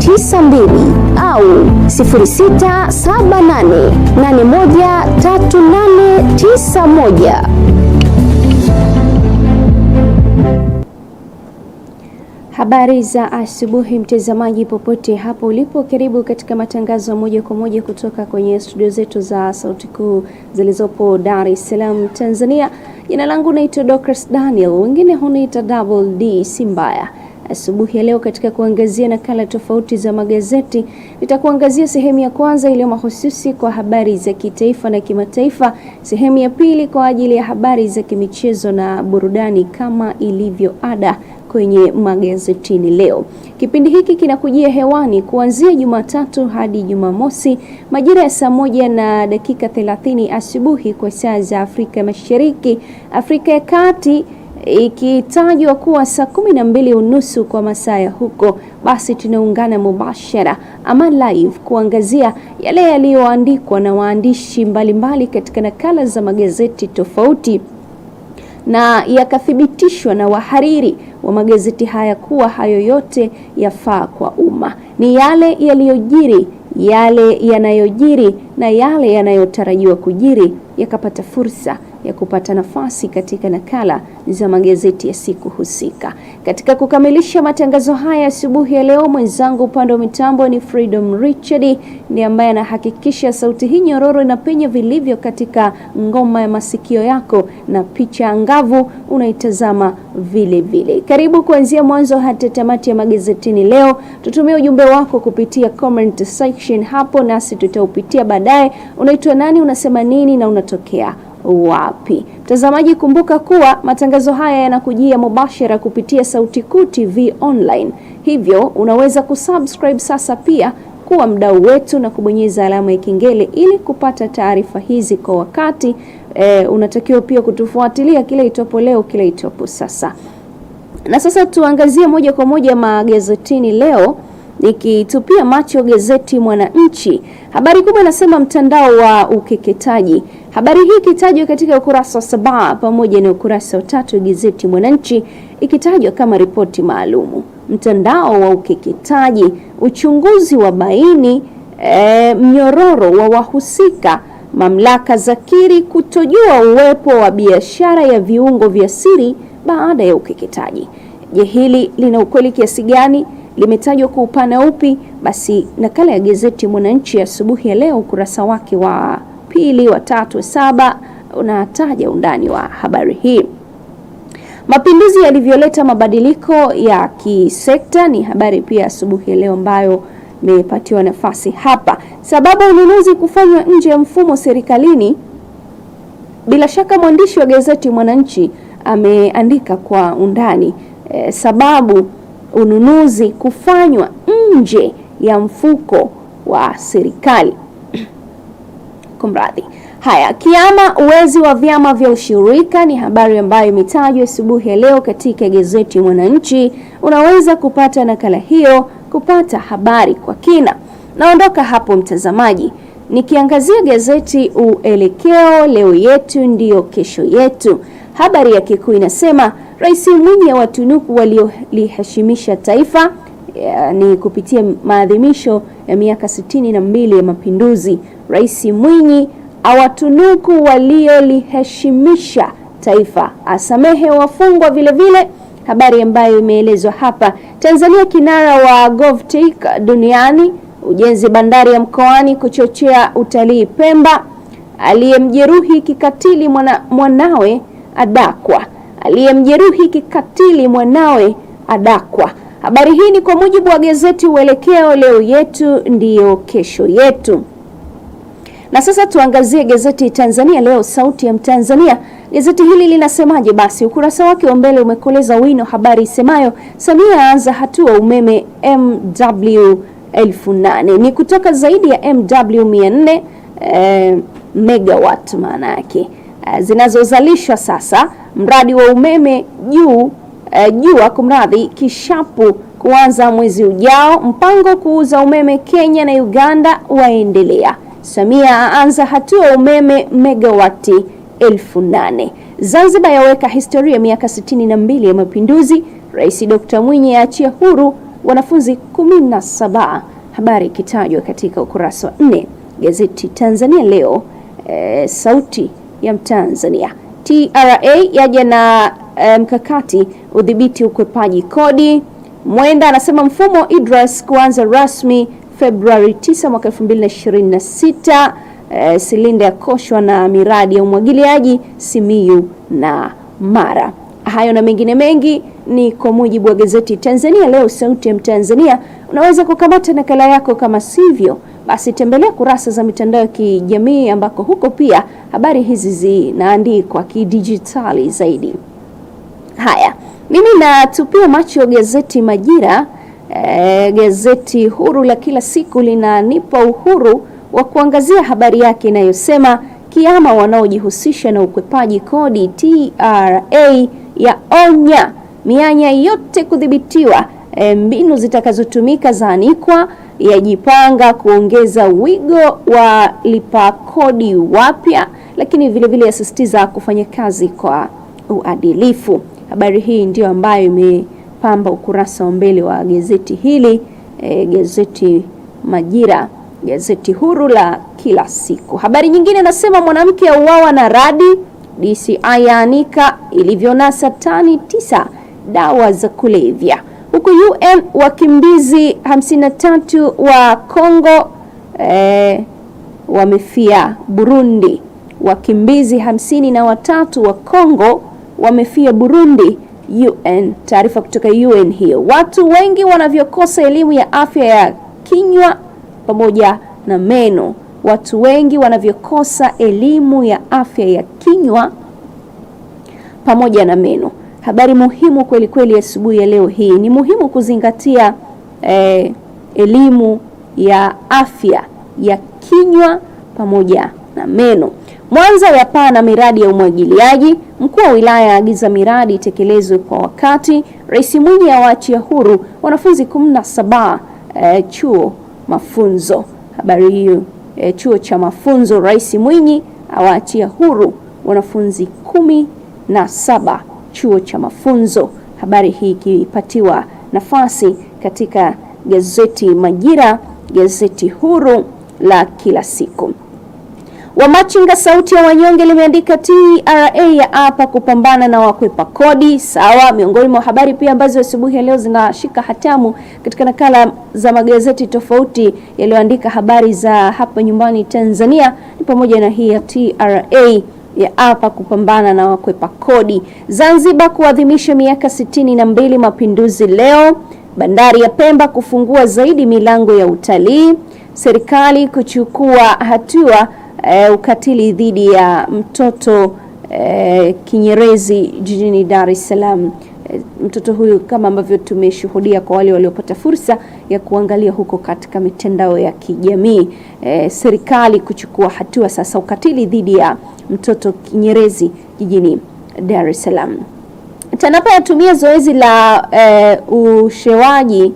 92 au 0678813891. Habari za asubuhi mtazamaji, popote hapo ulipo, karibu katika matangazo moja kwa moja kutoka kwenye studio zetu za Sauti Kuu zilizopo Dar es Salaam, Tanzania. Jina langu naitwa Dorcas Daniel, wengine huniita Double D Simbaya. Asubuhi ya leo katika kuangazia nakala tofauti za magazeti, nitakuangazia sehemu ya kwanza iliyo mahususi kwa habari za kitaifa na kimataifa, sehemu ya pili kwa ajili ya habari za kimichezo na burudani kama ilivyo ada kwenye magazetini leo. Kipindi hiki kinakujia hewani kuanzia Jumatatu hadi Jumamosi majira ya saa moja na dakika 30 asubuhi kwa saa za Afrika Mashariki, Afrika ya Kati ikitajwa kuwa saa kumi na mbili unusu kwa masaa ya huko, basi tunaungana mubashara ama live kuangazia yale yaliyoandikwa na waandishi mbalimbali katika nakala za magazeti tofauti na yakathibitishwa na wahariri wa magazeti haya kuwa hayo yote yafaa kwa umma. Ni yale yaliyojiri, yale yanayojiri na yale yanayotarajiwa kujiri yakapata fursa ya kupata nafasi katika nakala za magazeti ya siku husika. Katika kukamilisha matangazo haya asubuhi ya leo, mwenzangu upande wa mitambo ni Freedom Richard, ni ambaye anahakikisha sauti hii nyororo inapenya vilivyo katika ngoma ya masikio yako na picha angavu unaitazama vile vile. Karibu kuanzia mwanzo hata tamati ya magazetini leo. Tutumie ujumbe wako kupitia comment section hapo, nasi tutaupitia baadaye. Unaitwa nani? Unasema nini na unatokea wapi? Mtazamaji, kumbuka kuwa matangazo haya yanakujia mubashara kupitia Sauti Kuu TV online, hivyo unaweza kusubscribe sasa pia kuwa mdau wetu na kubonyeza alama ya kengele ili kupata taarifa hizi kwa wakati. E, unatakiwa pia kutufuatilia kila itopo leo, kila itopo sasa. Na sasa tuangazie moja kwa moja magazetini leo. Nikitupia macho gazeti Mwananchi, habari kubwa inasema mtandao wa ukeketaji. Habari hii ikitajwa katika ukurasa wa saba pamoja na ukurasa wa tatu gazeti Mwananchi, ikitajwa kama ripoti maalumu, mtandao wa ukeketaji, uchunguzi wa baini e, mnyororo wa wahusika mamlaka zakiri kutojua uwepo wa biashara ya viungo vya siri baada ya ukeketaji. Je, hili lina ukweli kiasi gani? limetajwa kwa upana upi? Basi nakala ya gazeti Mwananchi asubuhi ya, ya leo ukurasa wake wa pili, wa tatu, saba unataja undani wa habari hii. Mapinduzi yalivyoleta mabadiliko ya kisekta ni habari pia asubuhi ya leo ambayo imepatiwa nafasi hapa. Sababu ununuzi kufanywa nje ya mfumo serikalini. Bila shaka mwandishi wa gazeti Mwananchi ameandika kwa undani e, sababu ununuzi kufanywa nje ya mfuko wa serikali. Kumradhi. Haya, kiama uwezi wa vyama vya ushirika ni habari ambayo imetajwa asubuhi ya leo katika gazeti Mwananchi. Unaweza kupata nakala hiyo kupata habari kwa kina. Naondoka hapo mtazamaji, nikiangazia gazeti Uelekeo, leo yetu ndiyo kesho yetu. Habari yake kuu inasema Rais Mwinyi awatunuku walioliheshimisha taifa eh, ni kupitia maadhimisho ya miaka sitini na mbili ya mapinduzi. Rais Mwinyi awatunuku walioliheshimisha taifa, asamehe wafungwa. Vilevile habari ambayo imeelezwa hapa, Tanzania kinara wa GovTech duniani, ujenzi bandari ya Mkoani kuchochea utalii Pemba, aliyemjeruhi kikatili mwana, mwanawe adakwa aliyemjeruhi kikatili mwanawe adakwa. Habari hii ni kwa mujibu wa gazeti Uelekeo, leo yetu ndiyo kesho yetu. Na sasa tuangazie gazeti Tanzania Leo, sauti ya Mtanzania. Gazeti hili linasemaje? Basi ukurasa wake wa mbele umekoleza wino habari isemayo Samia aanza hatua umeme MW 8000 ni kutoka zaidi ya MW 400 eh, megawatt maana yake Eh, zinazozalishwa sasa, mradi wa umeme juu eh, jua kumradhi Kishapu kuanza mwezi ujao. Mpango kuuza umeme Kenya na Uganda waendelea. Samia aanza hatua umeme megawati elfu nane. Zanzibar yaweka historia miaka mbili ya mapinduzi. Rais Dr. Mwinyi aachia huru wanafunzi 17, habari ikitajwa katika ukurasa wa 4 gazeti Tanzania Leo. E, sauti ya Mtanzania. TRA yaja na eh, mkakati um, udhibiti ukwepaji kodi. Mwenda anasema mfumo IDRAS kuanza rasmi Februari 9 mwaka 2026. Uh, eh, silinda yakoshwa na miradi ya umwagiliaji Simiyu na Mara. Hayo na mengine mengi ni kwa mujibu wa gazeti Tanzania Leo, sauti ya Mtanzania unaweza kukamata nakala yako. Kama sivyo, basi tembelea kurasa za mitandao ya kijamii ambako huko pia habari hizi zinaandikwa kidijitali zaidi. Haya, mimi natupia macho gazeti Majira. E, gazeti huru la kila siku linanipa uhuru wa kuangazia habari yake inayosema kiama wanaojihusisha na ukwepaji kodi TRA ya onya mianya yote kudhibitiwa e, mbinu zitakazotumika zaanikwa, yajipanga kuongeza wigo wa lipa kodi wapya, lakini vilevile yasisitiza kufanya kazi kwa uadilifu. Habari hii ndiyo ambayo imepamba ukurasa wa mbele wa gazeti hili e, gazeti Majira, gazeti huru la kila siku. Habari nyingine nasema mwanamke auawa na radi, DCI yaanika ilivyonasa tani tisa dawa za kulevya huku UN wakimbizi 53 wa Kongo eh, wamefia Burundi. Wakimbizi hamsini na watatu wa Kongo wamefia Burundi, UN taarifa kutoka UN hiyo. Watu wengi wanavyokosa elimu ya afya ya kinywa pamoja na meno. Watu wengi wanavyokosa elimu ya afya ya kinywa pamoja na meno. Habari muhimu kweli kweli asubuhi ya, ya leo hii ni muhimu kuzingatia eh, elimu ya afya ya kinywa pamoja na meno. Mwanza na miradi ya umwagiliaji. Mkuu wa wilaya aagiza miradi itekelezwe kwa wakati. Rais Mwinyi awaachia huru wanafunzi kumi na saba eh, chuo mafunzo. Habari hiyo eh, chuo cha mafunzo, Rais Mwinyi awaachia huru wanafunzi kumi na saba chuo cha mafunzo. Habari hii ikipatiwa nafasi katika gazeti Majira, gazeti huru la kila siku. Wamachinga sauti ya wanyonge limeandika TRA ya hapa kupambana na wakwepa kodi. Sawa, miongoni mwa habari pia ambazo asubuhi ya leo zinashika hatamu katika nakala za magazeti tofauti yaliyoandika habari za hapa nyumbani Tanzania ni pamoja na hii ya TRA ya hapa kupambana na wakwepa kodi. Zanzibar kuadhimisha miaka sitini na mbili mapinduzi leo. Bandari ya Pemba kufungua zaidi milango ya utalii. Serikali kuchukua hatua e, ukatili dhidi ya mtoto e, kinyerezi jijini Dar es Salaam. Eh, mtoto huyu kama ambavyo tumeshuhudia kwa wale waliopata fursa ya kuangalia huko katika mitandao ya kijamii e, serikali kuchukua hatua sasa ukatili dhidi ya mtoto Kinyerezi jijini Dar es Salaam. TANAPA yatumia zoezi la e, ushewaji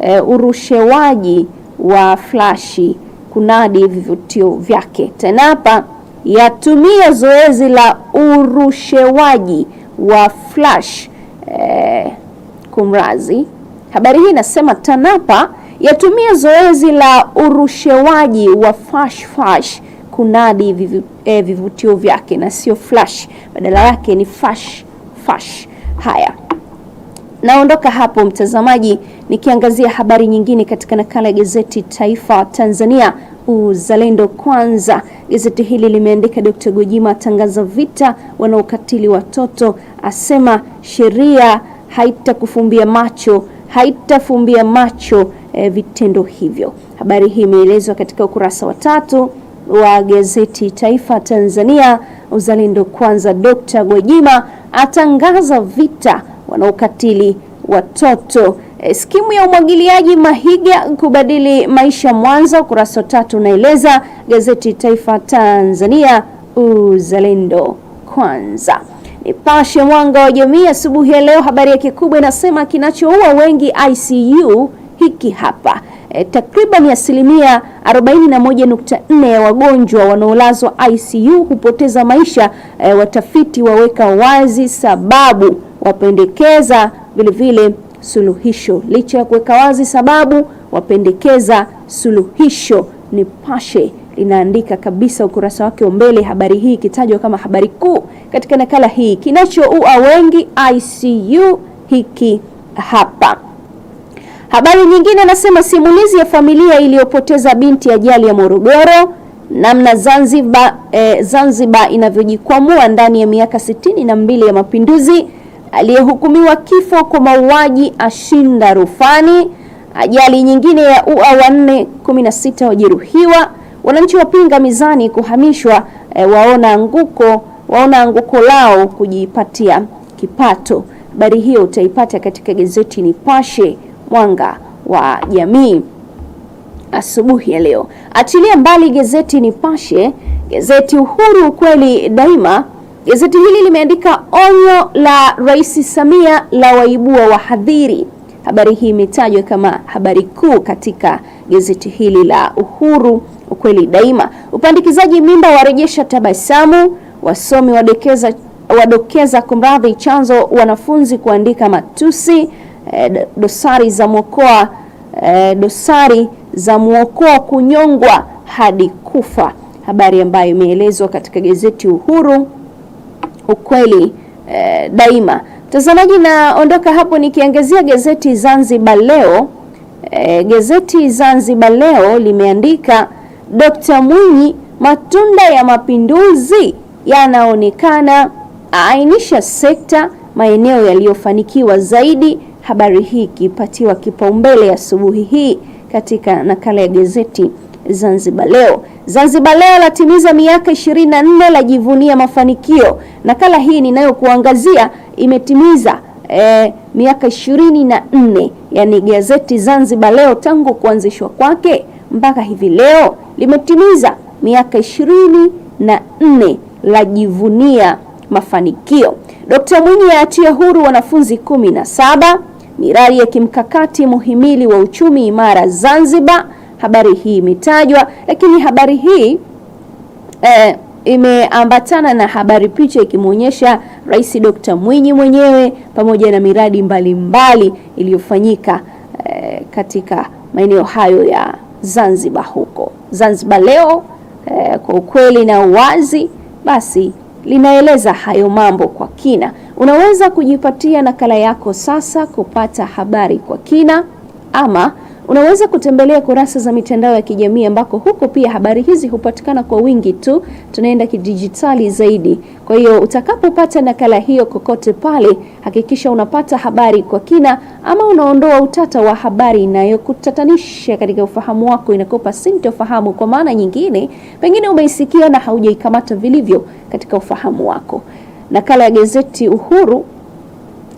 e, urushewaji wa flashi kunadi vivutio vyake. TANAPA yatumia zoezi la urushewaji wa flash eh, kumrazi. Habari hii inasema TANAPA yatumia zoezi la urushewaji wa fashfash kunadi eh, vivutio eh, vyake na sio flash, badala yake ni fash fash. Haya, naondoka hapo mtazamaji, nikiangazia habari nyingine katika nakala ya gazeti Taifa Tanzania Uzalendo Kwanza. Gazeti hili limeandika Dr. Gwajima atangaza vita wanaokatili watoto, asema sheria haitakufumbia macho, haitafumbia macho e, vitendo hivyo. Habari hii imeelezwa katika ukurasa wa tatu wa gazeti Taifa Tanzania Uzalendo Kwanza. Dr. Gwajima atangaza vita wanaokatili watoto Skimu ya umwagiliaji Mahiga kubadili maisha Mwanza, ukurasa tatu unaeleza. Gazeti Taifa Tanzania, uzalendo kwanza. Nipashe mwanga wa jamii asubuhi ya leo, habari yake kubwa inasema kinachoua wengi ICU hiki hapa. E, takriban asilimia 41.4 ya wagonjwa wanaolazwa ICU hupoteza maisha. E, watafiti waweka wazi sababu, wapendekeza vilevile suluhisho. Licha ya kuweka wazi sababu, wapendekeza suluhisho. Nipashe linaandika kabisa ukurasa wake wa mbele habari hii ikitajwa kama habari kuu katika nakala hii, kinachoua wengi ICU hiki hapa. Habari nyingine anasema simulizi ya familia iliyopoteza binti ajali ya Morogoro, namna Zanzibar, eh, Zanzibar inavyojikwamua ndani ya miaka sitini na mbili ya mapinduzi aliyehukumiwa kifo kwa mauaji ashinda rufani. Ajali nyingine ya ua wanne 16 wajeruhiwa. Wananchi wapinga mizani kuhamishwa, e, waona anguko waona anguko lao kujipatia kipato. Habari hiyo utaipata katika gazeti Nipashe mwanga wa jamii asubuhi ya leo. Achilia mbali gazeti Nipashe, gazeti Uhuru ukweli daima Gazeti hili limeandika onyo la Rais Samia la waibua wahadhiri. Habari hii imetajwa kama habari kuu katika gazeti hili la Uhuru, ukweli daima. Upandikizaji mimba warejesha tabasamu, wasomi wadokeza wadokeza kumradhi, chanzo wanafunzi kuandika matusi. E, dosari za mwokoa e, dosari za mwokoa kunyongwa hadi kufa, habari ambayo imeelezwa katika gazeti Uhuru ukweli eh, daima. Mtazamaji, naondoka hapo nikiangazia gazeti Zanzibar Leo. Eh, gazeti Zanzibar Leo limeandika Dr. Mwinyi, matunda ya mapinduzi yanaonekana, aainisha sekta maeneo yaliyofanikiwa zaidi. Habari hii ikipatiwa kipaumbele asubuhi hii katika nakala ya gazeti Zanzibar Leo. Zanzibar Leo latimiza miaka 24 lajivunia mafanikio. Nakala hii ninayokuangazia imetimiza eh, miaka 24, yani gazeti Zanzibar Leo tangu kuanzishwa kwake mpaka hivi leo limetimiza miaka 24 lajivunia mafanikio. Dr. Mwinyi atia huru wanafunzi 17, miradi ya kimkakati muhimili wa uchumi imara Zanzibar habari hii imetajwa, lakini habari hii eh, imeambatana na habari picha ikimwonyesha Rais Dkt. Mwinyi mwenyewe pamoja na miradi mbalimbali iliyofanyika eh, katika maeneo hayo ya Zanzibar huko. Zanzibar leo eh, kwa ukweli na uwazi basi linaeleza hayo mambo kwa kina. Unaweza kujipatia nakala yako sasa kupata habari kwa kina ama Unaweza kutembelea kurasa za mitandao ya kijamii ambako huko pia habari hizi hupatikana kwa wingi tu, tunaenda kidijitali zaidi. Kwa hiyo utakapopata nakala hiyo kokote pale, hakikisha unapata habari kwa kina, ama unaondoa utata wa habari inayokutatanisha katika ufahamu wako, inakupa sintofahamu. Kwa maana nyingine, pengine umeisikia na haujaikamata vilivyo katika ufahamu wako. Nakala ya gazeti Uhuru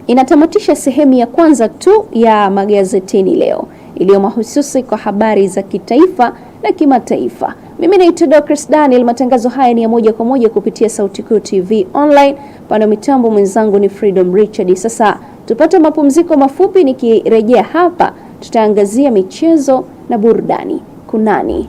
inatamatisha sehemu ya kwanza tu ya magazetini leo iliyo mahususi kwa habari za kitaifa na kimataifa. Mimi naitwa Dorcas Daniel. Matangazo haya ni ya moja kwa moja kupitia Sauti Kuu TV Online. Pande mitambo mwenzangu ni Freedom Richard. Sasa tupate mapumziko mafupi, nikirejea hapa tutaangazia michezo na burudani. Kunani?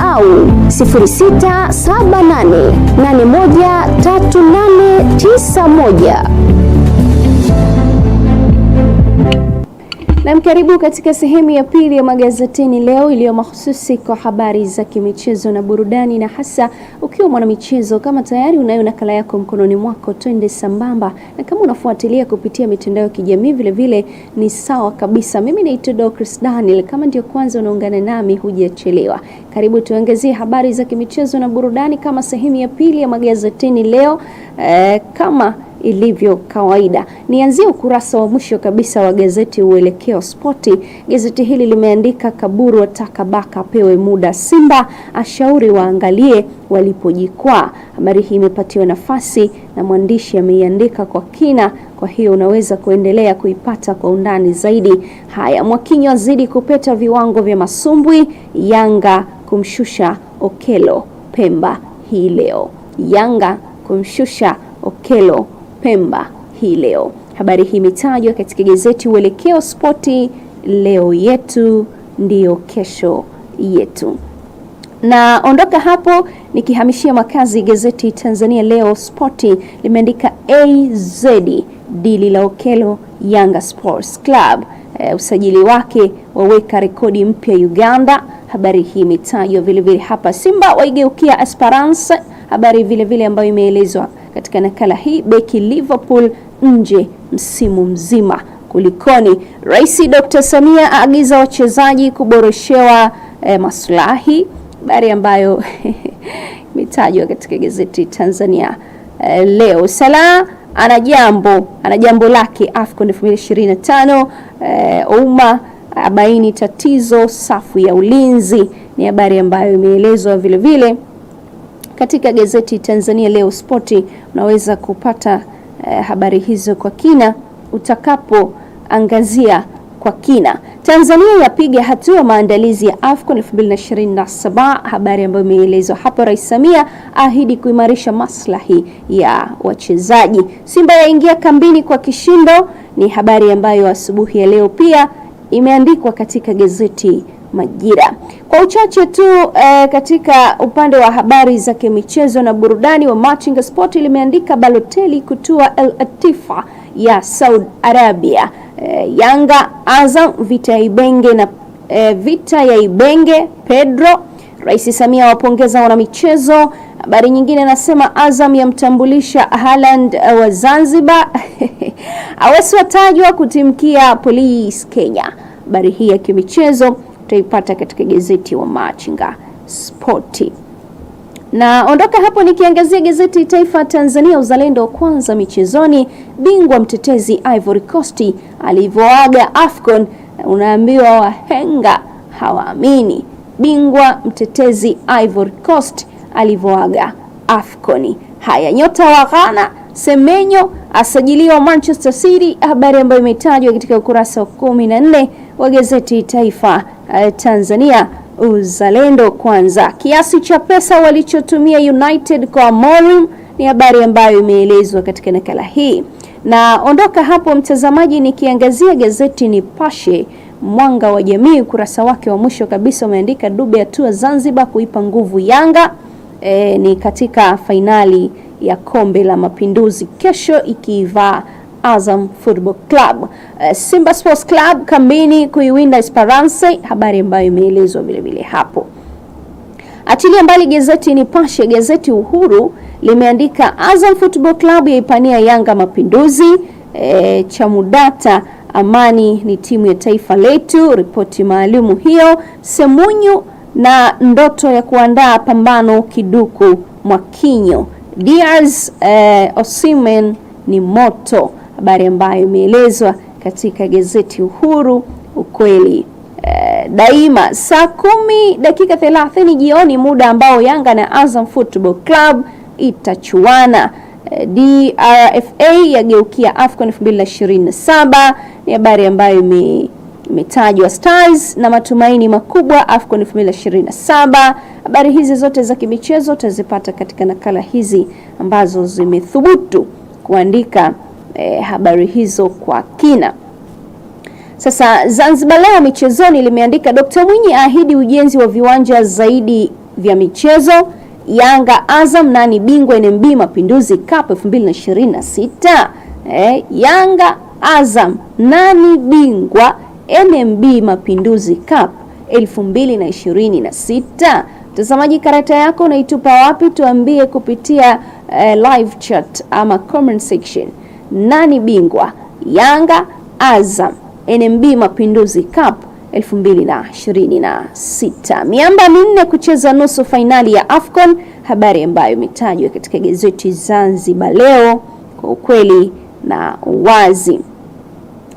au 0678813891. Na mkaribu katika sehemu ya pili ya magazetini leo iliyo mahususi kwa habari za kimichezo na burudani, na hasa ukiwa mwanamichezo. Kama tayari unayo nakala yako mkononi mwako, twende sambamba, na kama unafuatilia kupitia mitandao ya kijamii vilevile ni sawa kabisa. Mimi naitwa Dorcas Daniel, kama ndio kwanza unaungana nami, hujachelewa. Karibu tuangazie habari za kimichezo na burudani kama sehemu ya pili ya magazetini leo eh, kama ilivyo kawaida. Nianzie ukurasa wa mwisho kabisa wa gazeti Uelekeo Spoti. Gazeti hili limeandika kaburu ataka Baka apewe muda, Simba ashauri waangalie walipojikwaa. Habari hii imepatiwa nafasi na mwandishi ameiandika kwa kina, kwa hiyo unaweza kuendelea kuipata kwa undani zaidi. Haya, Mwakinyo azidi kupeta viwango vya masumbwi, Yanga kumshusha Okelo Pemba hii leo, Yanga kumshusha Okelo Pemba hii leo. Habari hii imetajwa katika gazeti Uelekeo Spoti, leo yetu ndiyo kesho yetu. Na ondoka hapo nikihamishia makazi, gazeti Tanzania Leo Spoti limeandika AZ dili la Okelo Yanga Sports Club e, usajili wake waweka rekodi mpya Uganda. Habari hii imetajwa vilevile hapa. Simba waigeukia Esperance, habari vilevile vile ambayo imeelezwa katika nakala hii, beki Liverpool nje msimu mzima. Kulikoni? Rais Dr. Samia aagiza wachezaji kuboreshewa eh, maslahi, habari ambayo imetajwa katika gazeti Tanzania eh, leo. Salah ana jambo ana jambo lake AFCON 2025 eh, Ouma abaini tatizo safu ya ulinzi, ni habari ambayo imeelezwa vile vile katika gazeti Tanzania Leo Spoti. Unaweza kupata eh, habari hizo kwa kina utakapoangazia kwa kina. Tanzania yapiga hatua maandalizi ya AFCON 2027, habari ambayo imeelezwa hapo. Rais Samia ahidi kuimarisha maslahi ya wachezaji. Simba yaingia kambini kwa kishindo, ni habari ambayo asubuhi ya leo pia imeandikwa katika gazeti majira. Kwa uchache tu eh, katika upande wa habari za kimichezo na burudani wa Machinga Sport limeandika Balotelli kutua Al Atifa ya Saudi Arabia. Eh, Yanga Azam vita ya Ibenge na eh, vita ya Ibenge Pedro. Rais Samia wapongeza wanamichezo. Habari nyingine nasema Azam yamtambulisha Haaland eh, wa Zanzibar. Awesi watajwa kutimkia polisi Kenya. Habari hii ya kimichezo utaipata katika gazeti wa Machinga Spoti. Na ondoka hapo nikiangazia gazeti Taifa Tanzania Uzalendo kwanza michezoni, bingwa mtetezi Ivory Coast alivyoaga Afcon, unaambiwa wahenga hawaamini. Bingwa mtetezi Ivory Coast alivyoaga Afcon. Haya, nyota wa Ghana Semenyo asajiliwa Manchester City, habari ambayo imetajwa katika ukurasa wa 14 wa gazeti Taifa Eh, Tanzania uzalendo kwanza. Kiasi cha pesa walichotumia United kwa Amorim ni habari ambayo imeelezwa katika nakala hii. Na ondoka hapo mtazamaji, nikiangazia gazeti Nipashe Mwanga wa Jamii, ukurasa wake wa mwisho kabisa umeandika Dube hatua Zanzibar kuipa nguvu Yanga. E, ni katika fainali ya Kombe la Mapinduzi kesho ikiivaa Azam Football Club. Eh, Simba Sports Club kambini kuiwinda Esperance, habari ambayo imeelezwa vilevile hapo. Achilia mbali gazeti Nipashe, gazeti Uhuru limeandika Azam Football Club yaipania Yanga mapinduzi. E, Chamudata amani ni timu ya taifa letu, ripoti maalumu hiyo. Semunyu na ndoto ya kuandaa pambano kiduku Mwakinyo. DRs, e, eh, Osimen ni moto habari ambayo imeelezwa katika gazeti Uhuru ukweli eh, daima saa kumi dakika 30 jioni, muda ambao Yanga na Azam Football Club itachuana. Eh, DRFA yageukia AFCON 2027 ni habari ambayo imetajwa. Stars na matumaini makubwa AFCON 2027. Habari hizi zote za kimichezo utazipata katika nakala hizi ambazo zimethubutu kuandika e, habari hizo kwa kina. Sasa Zanzibar Leo michezoni limeandika Dr. Mwinyi ahidi ujenzi wa viwanja zaidi vya michezo. Yanga Azam nani bingwa NMB Mapinduzi Cup 2026? Eh, Yanga Azam nani bingwa NMB Mapinduzi Cup 2026? Mtazamaji, karata yako unaitupa wapi? Tuambie kupitia eh, live chat ama comment section nani bingwa? Yanga, Azam, NMB Mapinduzi Cup 2026. Miamba minne kucheza nusu fainali ya Afcon, habari ambayo imetajwa katika gazeti Zanzibar Leo kwa ukweli na uwazi.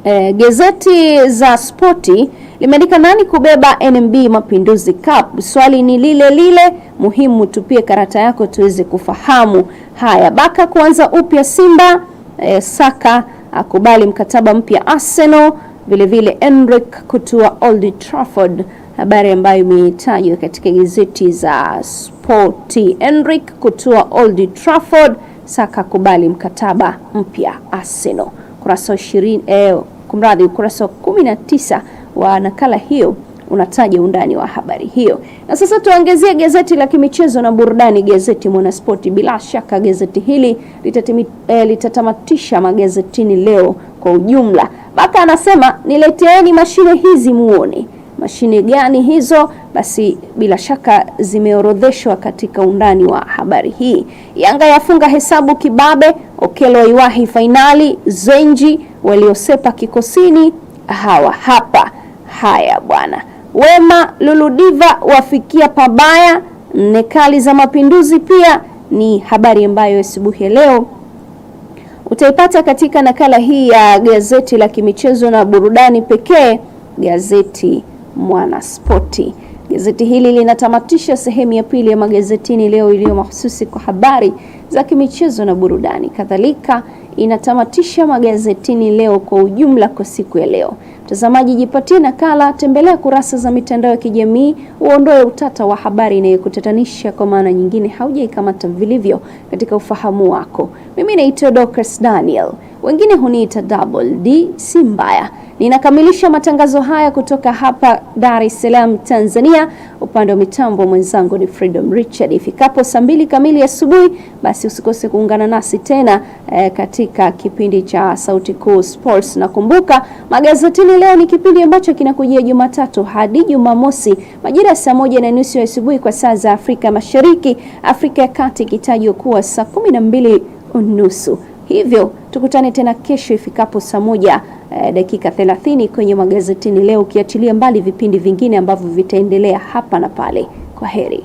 E, gazeti za spoti limeandika nani kubeba NMB Mapinduzi Cup? Swali ni lile lile muhimu, tupie karata yako tuweze kufahamu haya. Baka kuanza upya Simba e, Saka akubali mkataba mpya Arsenal, vilevile Enric kutua Old Trafford, habari ambayo imetajwa katika gazeti za Sporti. Enric kutua Old Trafford, Saka akubali mkataba mpya Arsenal. Kurasa 20 eh, kumradhi, ukurasa wa 19 wa nakala hiyo unataja undani wa habari hiyo. Na sasa tuangazie gazeti la kimichezo na burudani, gazeti Mwanaspoti. Bila shaka gazeti hili litatimi, eh, litatamatisha magazetini leo kwa ujumla. Baka anasema nileteeni mashine hizi muone. Mashine gani hizo? Basi bila shaka zimeorodheshwa katika undani wa habari hii. Yanga yafunga hesabu kibabe, Okelo iwahi fainali, Zenji waliosepa kikosini hawa hapa. Haya bwana. Wema Luludiva wafikia pabaya. Nne kali za mapinduzi pia ni habari ambayo asubuhi ya leo utaipata katika nakala hii ya gazeti la kimichezo na burudani pekee, gazeti Mwanaspoti. Gazeti hili linatamatisha sehemu ya pili ya magazetini leo iliyo mahususi kwa habari za kimichezo na burudani. Kadhalika inatamatisha magazetini leo kwa ujumla kwa siku ya leo. Mtazamaji, jipatie nakala, tembelea kurasa za mitandao ya kijamii, uondoe utata wa habari inayokutatanisha kwa maana nyingine haujaikamata vilivyo katika ufahamu wako. Mimi naitwa Dorcas Daniel, wengine huniita Double D, si mbaya. Ninakamilisha matangazo haya kutoka hapa Dar es Salaam, Tanzania. Upande wa mitambo mwenzangu ni Freedom Richard. Ifikapo saa mbili kamili asubuhi basi basi usikose kuungana nasi tena e, katika kipindi cha Sauti Kuu Sports, na kumbuka magazetini leo ni kipindi ambacho kinakujia Jumatatu hadi Jumamosi majira ya saa moja na nusu asubuhi kwa saa za Afrika Mashariki, Afrika ya Kati ikitajwa kuwa saa kumi na mbili unusu. Hivyo tukutane tena kesho ifikapo saa moja e, dakika 30 kwenye magazetini leo, ukiachilia mbali vipindi vingine ambavyo vitaendelea hapa na pale. Kwa heri.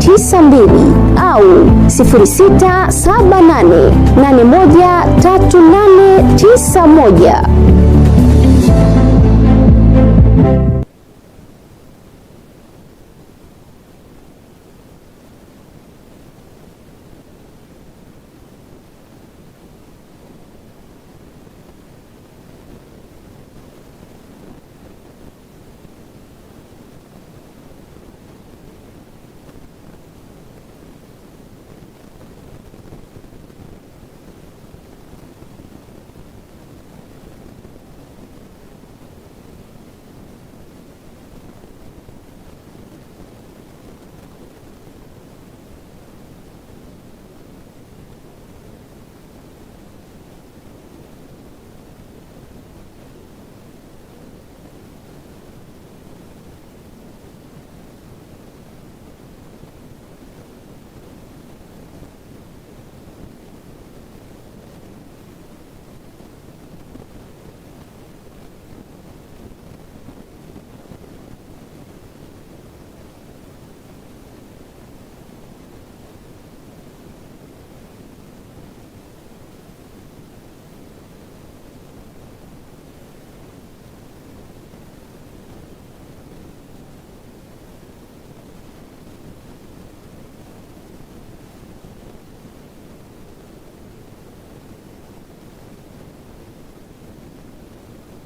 92 au 0678813891.